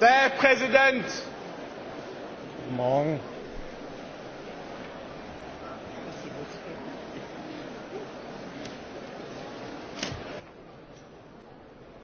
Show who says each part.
Speaker 1: Der Präsident!
Speaker 2: Morgen.